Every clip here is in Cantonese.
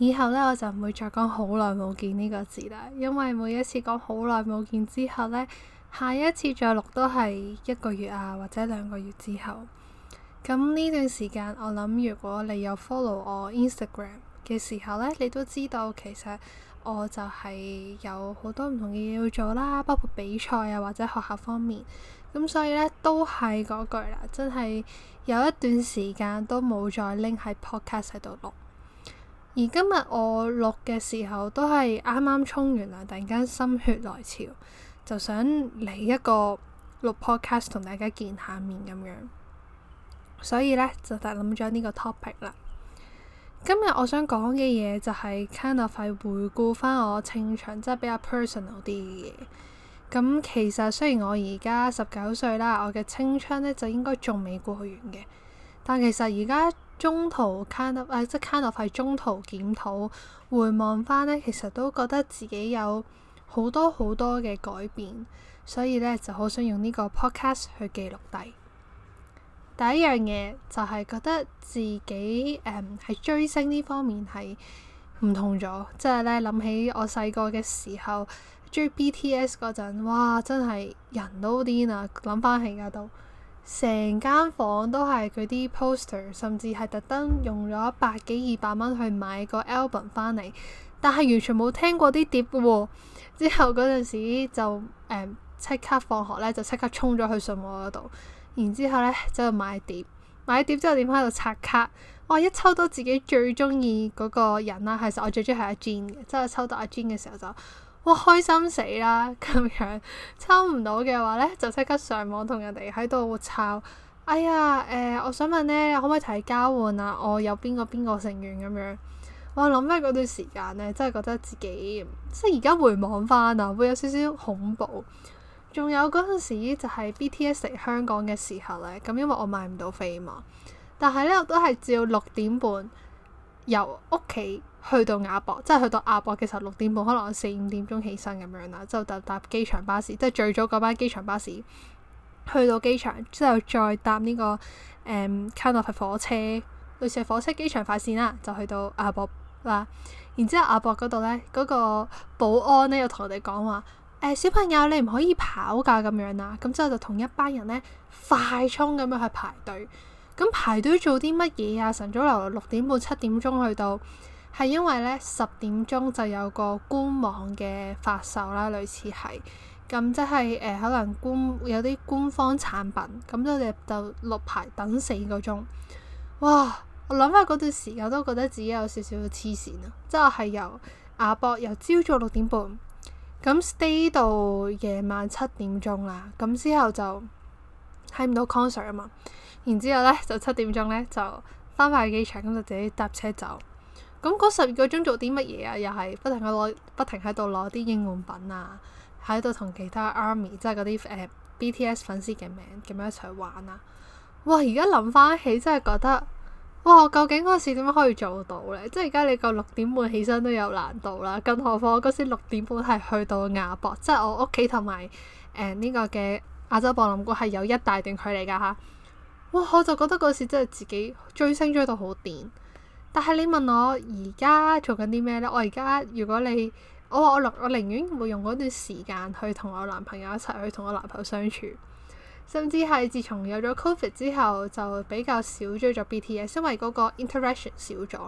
以後咧，我就唔會再講好耐冇見呢個字啦，因為每一次講好耐冇見之後咧，下一次再錄都係一個月啊，或者兩個月之後。咁呢段時間，我諗如果你有 follow 我 Instagram 嘅時候咧，你都知道其實我就係有好多唔同嘅嘢要做啦，包括比賽啊，或者學校方面。咁所以咧，都係嗰句啦，真係有一段時間都冇再拎喺 podcast 喺度錄。而今日我錄嘅時候都係啱啱沖完啦，突然間心血來潮，就想嚟一個錄 podcast 同大家見下面咁樣，所以呢，就就諗咗呢個 topic 啦。今日我想講嘅嘢就係 kind of 係回顧返我青春，即係比較 personal 啲嘅嘢。咁其實雖然我而家十九歲啦，我嘅青春呢就應該仲未過完嘅，但其實而家。中途 check up 啊，即係 check up 係中途檢討，回望翻咧，其實都覺得自己有好多好多嘅改變，所以咧就好想用呢個 podcast 去記錄低。第一樣嘢就係、是、覺得自己誒喺、嗯、追星呢方面係唔同咗，即係咧諗起我細個嘅時候追 BTS 嗰陣，哇！真係人都癲啊，諗翻起而家都～成間房都係佢啲 poster，甚至係特登用咗百幾二百蚊去買個 album 翻嚟，但係完全冇聽過啲碟嘅喎。之後嗰陣時就誒即刻放學咧，就即刻衝咗去信和嗰度，然之後咧就買碟，買碟之後點喺度拆卡，哇！一抽到自己最中意嗰個人啦，其實我最中意係阿 Jean 嘅，之後抽到阿 Jean 嘅時候就～我開心死啦，咁樣抽唔到嘅話咧，就即刻上網同人哋喺度抄。哎呀，誒、呃，我想問咧，可唔可以睇交換啊？我有邊個邊個成員咁樣？我諗翻嗰段時間咧，真係覺得自己，即係而家回望翻啊，會有少少恐怖。仲有嗰陣時就係 BTS 嚟香港嘅時候咧，咁因為我買唔到飛嘛，但係咧我都係照六點半。由屋企去到亞博，即係去到亞博嘅時候六點半，可能我四五點鐘起身咁樣啦，之後就搭機場巴士，即係最早嗰班機場巴士去到機場，之後再搭呢、這個誒 Canopy 火車，類似係火車機場快線啦，就去到亞博啦。然之後亞博嗰度咧，嗰、那個保安咧又同我哋講話：誒、欸、小朋友你唔可以跑㗎咁樣啦。咁之後就同一班人咧快衝咁樣去排隊。咁排隊做啲乜嘢啊？晨早流流六點半七點鐘去到，係因為咧十點鐘就有個官網嘅發售啦，類似係。咁即係誒，可能官有啲官方產品，咁我哋就六排等四個鐘。哇！我諗下嗰段時間都覺得自己有少少黐線啊！即係由亞博由朝早六點半，咁 stay 到夜晚七點鐘啦。咁之後就～睇唔到 concert 啊嘛，然之後咧就七點鐘咧就翻返去機場，咁就自己搭車走。咁嗰十二個鐘做啲乜嘢啊？又係不停嘅攞，不停喺度攞啲應援品啊，喺度同其他 army 即係嗰啲誒、呃、BTS 粉絲嘅名咁樣一齊玩啊！哇！而家諗翻起真係覺得哇，究竟嗰時點樣可以做到咧？即係而家你夠六點半起身都有難度啦，更何況我嗰時六點半係去到亞博，即係我屋企同埋誒呢個嘅。亞洲博覽館係有一大段距離㗎嚇，哇！我就覺得嗰時真係自己追星追到好癲，但係你問我而家做緊啲咩咧？我而家如果你，我話我寧我寧願會用嗰段時間去同我男朋友一齊去同我男朋友相處，甚至係自從有咗 Covid 之後就比較少追咗 BTS，因為嗰個 interaction 少咗，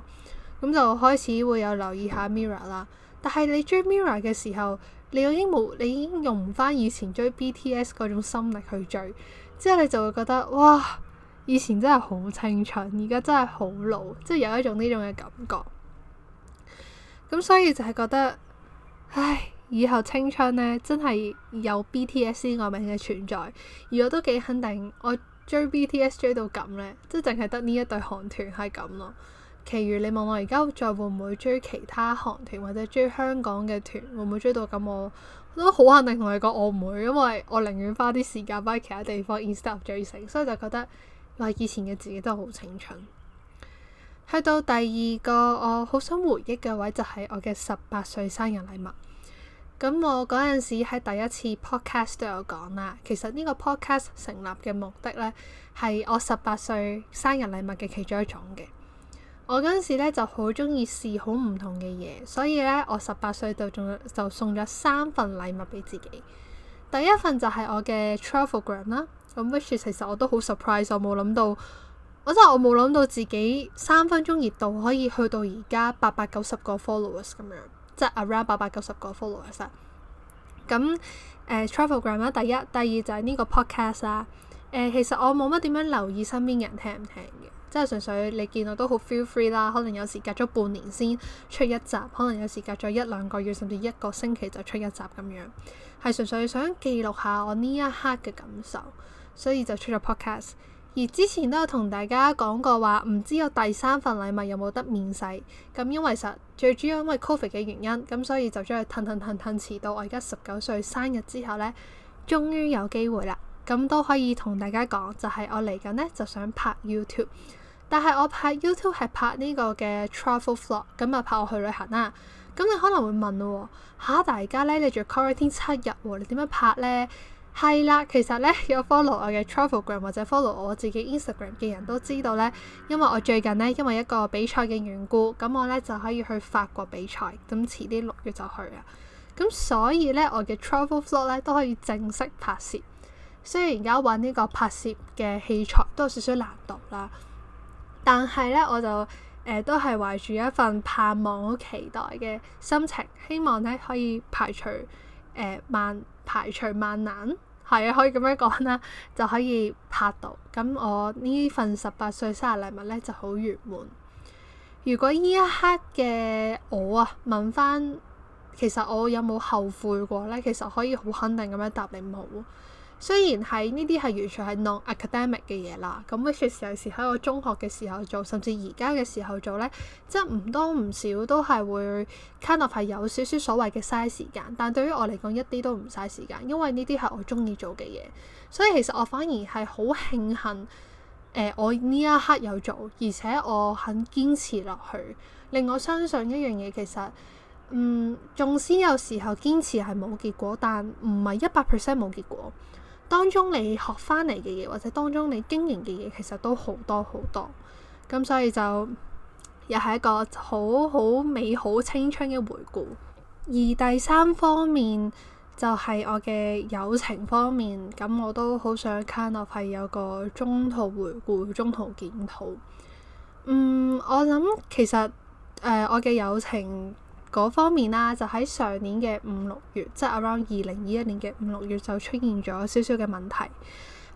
咁就開始會有留意下 mirror 啦。但係你追 mirror 嘅時候，你已經冇，你已經用唔翻以前追 BTS 嗰種心力去追，之後你就會覺得哇，以前真係好青春，而家真係好老，即係有一種呢種嘅感覺。咁所以就係覺得，唉，以後青春呢，真係有 BTS 呢個名嘅存在，而我都幾肯定，我追 BTS 追到咁呢，即係淨係得呢一隊韓團係咁咯。其餘你問我而家再會唔會追其他韓團或者追香港嘅團，會唔會追到咁？我都好肯定同你講，我唔會，因為我寧願花啲時間喺其他地方 instead of 追星，所以就覺得我以前嘅自己都係好青春。去到第二個我好想回憶嘅位，就係我嘅十八歲生日禮物。咁我嗰陣時喺第一次 podcast 都有講啦，其實呢個 podcast 成立嘅目的咧，係我十八歲生日禮物嘅其中一種嘅。我嗰陣時咧就好中意試好唔同嘅嘢，所以咧我十八歲就仲就送咗三份禮物俾自己。第一份就係我嘅 travelgram 啦，咁 which is 其實我都好 surprise，我冇諗到，我真係我冇諗到自己三分鐘熱度可以去到而家八百九十個 followers 咁樣，即係 around 八百九十個 followers。咁誒 travelgram 啦，呃、tra 第一、第二就係呢個 podcast 啦。誒、呃，其實我冇乜點樣留意身邊人聽唔聽嘅。即係純粹你見我都好 feel free 啦。可能有時隔咗半年先出一集，可能有時隔咗一兩個月，甚至一個星期就出一集咁樣，係純粹想記錄下我呢一刻嘅感受，所以就出咗 podcast。而之前都有同大家講過話，唔知我第三份禮物有冇得面世咁，因為實最主要因為 Covid 嘅原因咁，所以就將佢騰騰騰騰遲到。我而家十九歲生日之後咧，終於有機會啦，咁都可以同大家講，就係我嚟緊咧就想拍 YouTube。但係我拍 YouTube 係拍呢個嘅 travel vlog，咁啊，拍我去旅行啦、啊。咁你可能會問咯，吓、啊，大家咧你做 quarantine 七日，你點樣拍咧？係啦，其實咧有 follow 我嘅 travelgram 或者 follow 我自己 Instagram 嘅人都知道咧，因為我最近咧因為一個比賽嘅緣故，咁我咧就可以去法國比賽，咁遲啲六月就去啊。咁所以咧我嘅 travel vlog 咧都可以正式拍攝，雖然而家揾呢個拍攝嘅器材都有少少難度啦。但係咧，我就誒、呃、都係懷住一份盼望、好期待嘅心情，希望咧可以排除誒萬、呃、排除萬難，係啊，可以咁樣講啦，就可以拍到。咁我呢份十八歲生日禮物咧就好圓滿。如果呢一刻嘅我啊，問翻其實我有冇後悔過咧？其實可以好肯定咁樣答你冇。雖然係呢啲係完全係 non academic 嘅嘢啦，咁 which 有時喺我中學嘅時候做，甚至而家嘅時候做咧，即係唔多唔少都係會 kind of 係有少少所謂嘅嘥時間。但對於我嚟講一啲都唔嘥時間，因為呢啲係我中意做嘅嘢，所以其實我反而係好慶幸誒、呃，我呢一刻有做，而且我肯堅持落去，令我相信一樣嘢其實，嗯，縱使有時候堅持係冇結果，但唔係一百 percent 冇結果。當中你學翻嚟嘅嘢，或者當中你經營嘅嘢，其實都好多好多，咁所以就又係一個好好美好青春嘅回顧。而第三方面就係、是、我嘅友情方面，咁我都好想 kind of 有個中途回顧、中途檢討。嗯，我諗其實誒、呃，我嘅友情，嗰方面啦、啊，就喺上年嘅五六月，即、就、係、是、around 二零二一年嘅五六月就出現咗少少嘅問題。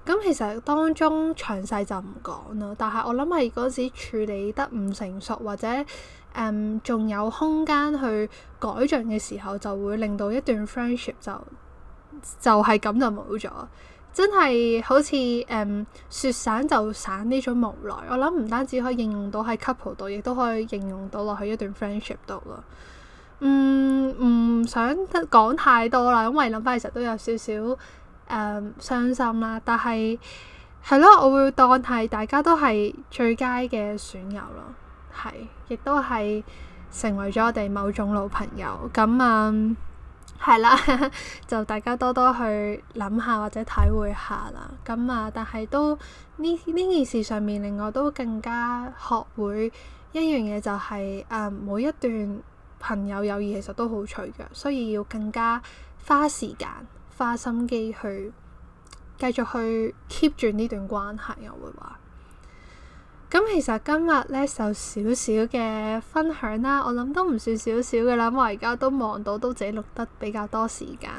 咁其實當中詳細就唔講啦，但係我諗係嗰時處理得唔成熟，或者誒仲、嗯、有空間去改進嘅時候，就會令到一段 friendship 就就係、是、咁就冇咗。真係好似誒說散就散呢種無奈。我諗唔單止可以應用到喺 couple 度，亦都可以應用到落去一段 friendship 度咯。嗯，唔想講太多啦，因為諗翻其實都有少少誒傷心啦。但係係咯，我會當係大家都係最佳嘅損友咯，係亦都係成為咗我哋某種老朋友。咁啊，係、嗯、啦， 就大家多多去諗下或者體會下啦。咁啊，但係都呢呢件事上面，令我都更加學會一樣嘢、就係，就係誒每一段。朋友友誼其實都好脆弱，所以要更加花時間、花心機去繼續去 keep 住呢段關係。我會話，咁其實今日咧就少少嘅分享啦。我諗都唔算少少嘅啦。我而家都忙到都自己錄得比較多時間，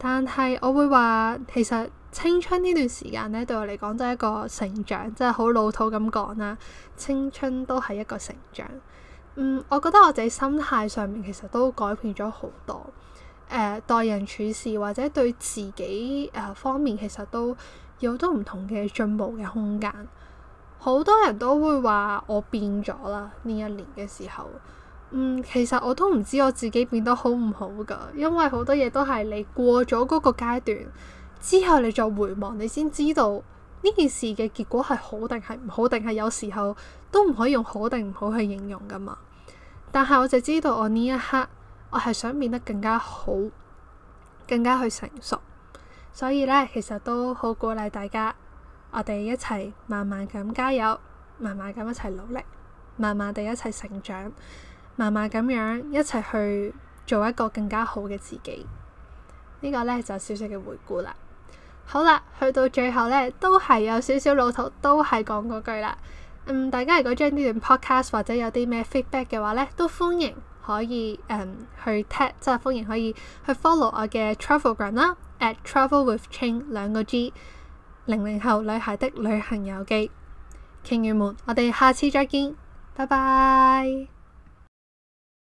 但係我會話，其實青春呢段時間咧對我嚟講真係一個成長，即係好老土咁講啦。青春都係一個成長。嗯，我覺得我自己心態上面其實都改變咗好多，誒、呃，待人處事或者對自己誒、呃、方面，其實都有好多唔同嘅進步嘅空間。好多人都會話我變咗啦，呢一年嘅時候，嗯，其實我都唔知我自己變得好唔好㗎，因為好多嘢都係你過咗嗰個階段之後，你再回望，你先知道。呢件事嘅結果係好定係唔好，定係有時候都唔可以用好定唔好去形容噶嘛。但係我就知道我呢一刻，我係想變得更加好，更加去成熟。所以咧，其實都好鼓勵大家，我哋一齊慢慢咁加油，慢慢咁一齊努力，慢慢地一齊成長，慢慢咁樣一齊去做一個更加好嘅自己。這個、呢個咧就少少嘅回顧啦。好啦，去到最後咧，都係有少少老土，都係講嗰句啦。嗯，大家如果將呢段 podcast 或者有啲咩 feedback 嘅話咧，都歡迎可以誒、嗯、去 tag，即係歡迎可以去 follow 我嘅 travelgram 啦，at travel with Ching 兩個 G 零零後女孩的旅行遊記。傾完們，我哋下次再見，拜拜。